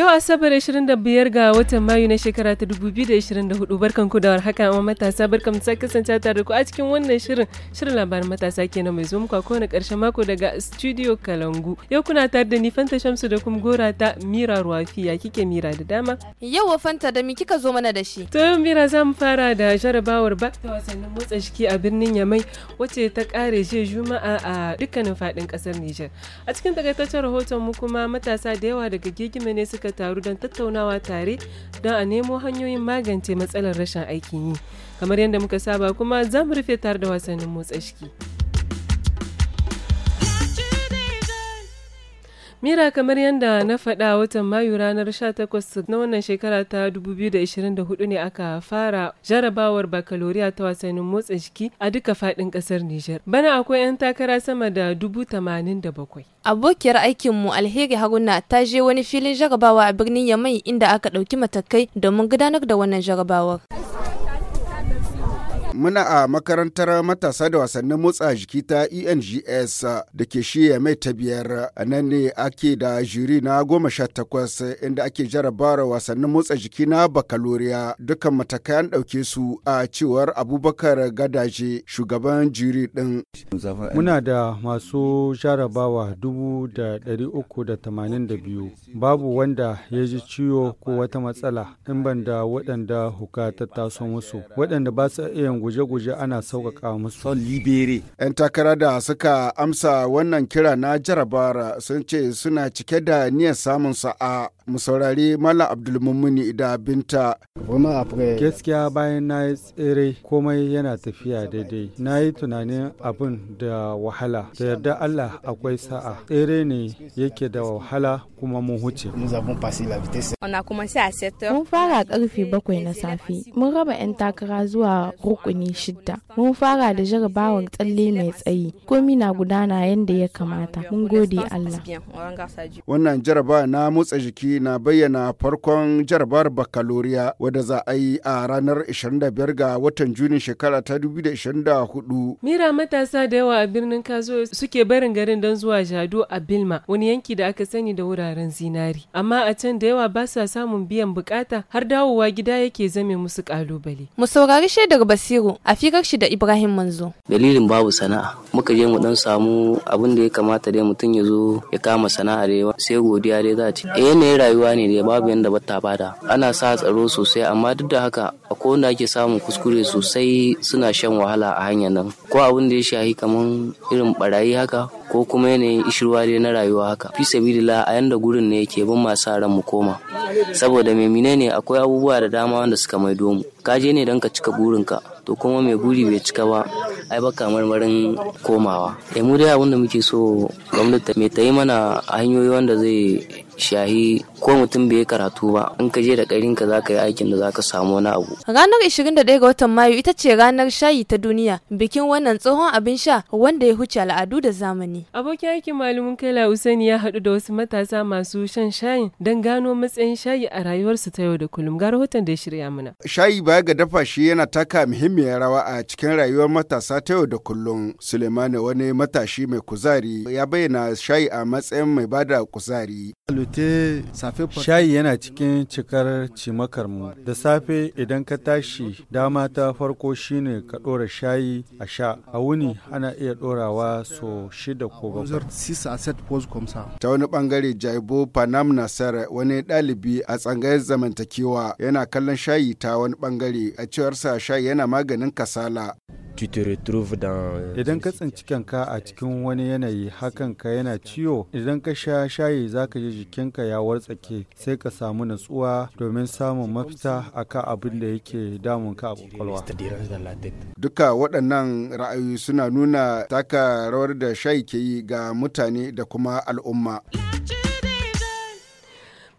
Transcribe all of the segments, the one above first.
Yau Asabar 25 ga watan Mayu na shekara ta 2024 barkanku da warhaka amma matasa barkan ta kasance tare da ku a cikin wannan shirin shirin labarin matasa kenan mai zuwa muku a karshen mako daga Studio Kalangu. Yau kuna tare da ni Fanta Shamsu da kuma Gora ta Mira ruwafiya ya kike Mira da dama. Yau wa Fanta da mi kika zo mana da shi. To yau Mira za fara da jarabawar ba ta wasannin motsa jiki a birnin Yamai wacce ta kare jiya Juma'a a dukkanin fadin kasar Nijar. A cikin takaitaccen rahoton mu kuma matasa da yawa daga Gegime ne suka suka taru don tattaunawa tare don a nemo hanyoyin magance matsalar rashin aikin yi. Kamar yadda muka saba kuma za mu rufe tare da wasannin motsa shiki. Mira kamar yadda na faɗa watan Mayu ranar 18 na wannan shekara ta 2024 ne aka fara jarabawar bakaloriya ta wasannin motsa jiki a duka faɗin ƙasar Nijar. Bana akwai 'yan takara sama da 87. Abokiyar aikinmu Alheri Haruna ta je wani filin jarabawa a birnin Yamai inda aka ɗauki matakai domin gudanar da wannan jarabawar. Muna a makarantar matasa da wasannin motsa jiki ta ENGS da ke shiya mai ta biyar. A nan ne ake da jiri na goma sha takwas inda ake jarabawar wasannin motsa jiki na bakaloriya. Dukkan matakai an ɗauke su a cewar Abubakar Gadaje shugaban jiri ɗin. Muna da masu jarabawa dubu da ɗari uku da tamanin da biyu. Babu wanda ya ji ciwo ko wata matsala in ban da waɗanda hukata ta taso musu. Waɗanda ba su iya guje-guje ana sauƙaƙa musu. libere. 'Yan takara da suka amsa wannan kira na jarabara sun ce suna cike da niyyar samun sa'a mu saurari Abdul Abdulmumuni idan Binta. Gaskiya bayan na yi tsere komai yana tafiya daidai. Na yi tunanin abin da wahala. Da yarda Allah akwai sa'a. Tsere ne yake da wahala kuma mun huce. Mun fara karfe bakwai na safe. Mun raba 'yan takara zuwa rukuni shidda. Mun fara da jarabawar tsalle mai tsayi. Komi na gudana yadda ya kamata. Mun gode Allah. Wannan jarabawa na motsa jiki na bayyana farkon jarabar bakaloriya wadda za a yi a ranar 25 ga watan Juni shekara ta 2024. Mira matasa da yawa a birnin Kazo suke barin garin don zuwa Jado a Bilma, wani yanki da aka sani da wuraren zinari. Amma a can da yawa ba sa samun biyan bukata har dawowa gida yake zame musu kalubale. Mu saurari shaidar Basiru a firar shi da Ibrahim Manzo. Dalilin babu sana'a, muka je mu dan samu abin da ya kamata dai mutum ya zo ya kama sana'a dai sai godiya dai za a ci. Eh, rayuwa ne da babu yanda ta bada ana sa tsaro sosai amma duk da haka akwai wanda ake samun kuskure sosai suna shan wahala a hanyar nan ko abin da ya shahi kaman irin barayi haka ko kuma yanayin ishirwa dai na rayuwa haka fi sabilillah a yanda gurin ne yake bin masu ran mu koma saboda mai ne akwai abubuwa da dama wanda suka maido mu ka je ne don ka cika ka to kuma mai guri bai cika ba ai baka marmarin komawa eh mu dai abin da muke so gwamnati mai tayi yi mana hanyoyi wanda zai shahi ko mutum bai karatu ba in ka je da karin ka zaka yi aikin da zaka samu wani abu ranar 21 ga watan mayu ita ce ranar shayi ta duniya bikin wannan tsohon abin sha wanda ya huce al'adu da zamani abokin aikin malamin kaila usaini ya haɗu da wasu matasa masu shan shayin dan gano matsayin shayi a rayuwarsu ta yau da kullum ga rahoton da ya shirya mana shayi baya ga dafa shi yana taka muhimmiyar rawa a cikin rayuwar matasa ta yau da kullum suleimani wani matashi mai kuzari ya bayyana shayi a matsayin mai bada kuzari Shayi yana cikin cikar cimakar mu. Da safe idan ka tashi dama ta farko shine ka ɗora shayi a sha. A wuni ana iya ɗorawa so shida ko bakwai. Ta wani bangare Jaibo Panam Nasar wani dalibi a tsangayar zamantakewa yana kallon shayi ta wani bangare a cewarsa shayi yana maganin kasala. tu te retrouves dans euh, idan ka tsinci kanka a cikin wani yanayi hakan ka yana ciwo idan ka sha shayi zaka ji jikinka ya wartsake sai ka samu natsuwa domin samun mafita akan abin da yake damun ka a kwakwalwa duka waɗannan ra'ayoyi suna nuna taka rawar da shayi ke yi ga mutane da kuma al'umma.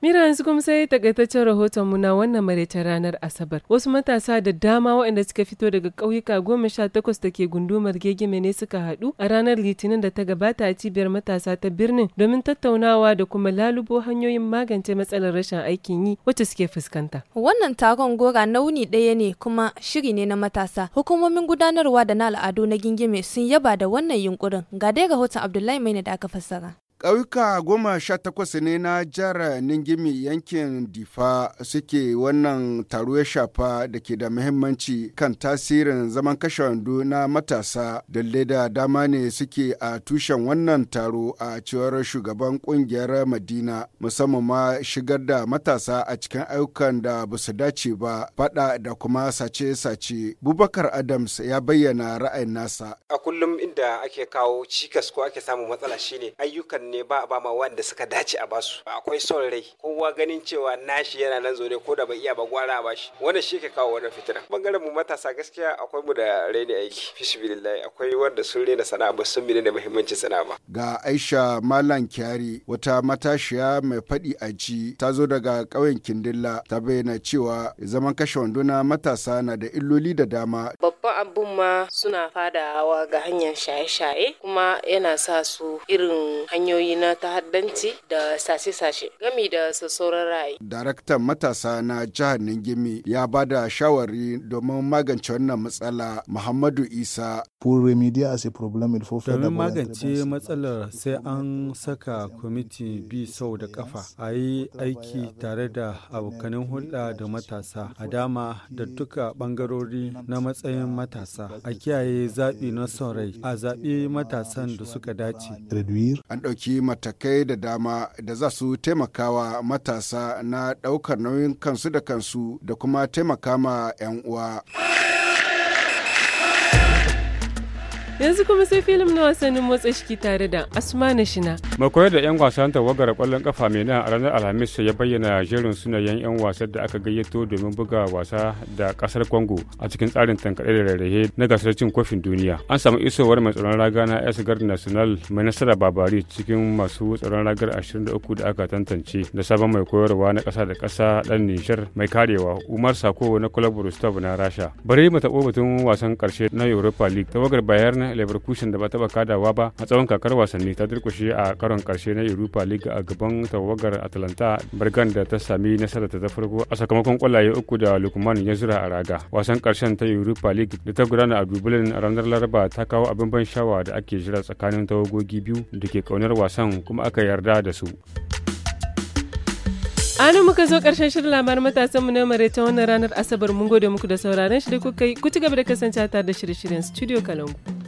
Mira yanzu kuma sai takaitaccen rahoton mu na wannan maraicen ranar Asabar. Wasu matasa da dama waɗanda suka fito daga ƙauyuka goma sha takwas da ke gundumar gegeme ne suka haɗu a ranar Litinin da ta gabata a cibiyar matasa ta birnin domin tattaunawa da kuma lalubo hanyoyin magance matsalar rashin aikin yi wacce suke fuskanta. Wannan taron gora nauni ɗaya ne kuma shiri ne na matasa. Hukumomin gudanarwa da na al'adu na gingime sun yaba da wannan yunkurin. Ga dai rahoton Abdullahi Maina da aka fassara. ƙauyuka goma sha takwas ne na jihar ningimi yankin difa suke wannan taro ya shafa da ke da muhimmanci kan tasirin zaman kashe wando na matasa da da dama ne suke a tushen wannan taro a cewar shugaban kungiyar madina musamman ma shigar da matasa a cikin ayyukan da ba su dace ba fada da kuma sace-sace bubakar adams ya bayyana ra'ayin nasa a kullum inda ake kawo cikas ko ake samun matsala shine ayyukan ne ba a ba ma wanda suka dace a basu akwai son rai kowa ganin cewa nashi yana nan zaune ko da bai iya ba gwara a bashi wannan shi ke kawo wannan fitina bangaren mu matasa gaskiya akwai mu da raini aiki fisibilillahi akwai wanda sun raina sana'a ba sun da muhimmancin sana'a ba ga Aisha Malam Kyari wata matashiya mai faɗi a ji ta zo daga ƙauyen Kindilla ta bayyana cewa zaman kashe wanduna matasa na da illoli da dama babban abun ma suna fadawa ga hanyar shaye-shaye kuma yana sa su irin hanyoyi hanyoyi na ta'addanci da sashe-sashe gami da sassauran ra'ayi. Daraktan matasa na jihar Ningimi ya ba da shawari domin magance wannan matsala Muhammadu Isa. Domin magance matsalar sai an saka kwamiti bi sau da kafa a yi aiki tare da abokanin hulɗa da matasa a dama da duka ɓangarori na matsayin matasa a kiyaye zaɓi na son a zaɓi matasan da suka dace. An ɗauki ɗauki matakai da dama da za su taimakawa matasa na ɗaukar nauyin kansu da kansu da kuma taimaka ma 'yan uwa. Yanzu kuma sai filin na wasannin motsa ciki tare da Asma na Shina. Makwai da 'yan wasan tawagar kwallon kafa mai nan a ranar Alhamis ya bayyana jerin sunayen 'yan wasan da aka gayyato domin buga wasa da kasar Congo a cikin tsarin tankaɗe da rarrahe na gasar cin kofin duniya. An samu isowar mai tsaron raga na gard National mai nasara babari cikin masu tsaron ragar 23 da aka tantance da sabon mai koyarwa na kasa da kasa dan Nishar mai karewa Umar Sako na Club Rostov na Rasha. Bari mu taɓo batun wasan ƙarshe na Europa League tawagar Bayern leverkusen da ba taba kadawa ba a tsawon kakar wasanni ta durkushe a karon karshe na europa league a gaban tawagar atalanta bergan da ta sami nasara ta farko a sakamakon kwallaye uku da lukman ya zura a raga wasan karshen ta europa league da ta gudana a dublin ranar laraba ta kawo abin ban shawa da ake jira tsakanin tawagogi biyu da ke kaunar wasan kuma aka yarda da su anu muka zo karshen shirin labarin matasan mu na ta wannan ranar asabar mun gode muku da sauraron shi da kuka yi ku ci gaba da kasancewa tare da shirye-shiryen studio kalangu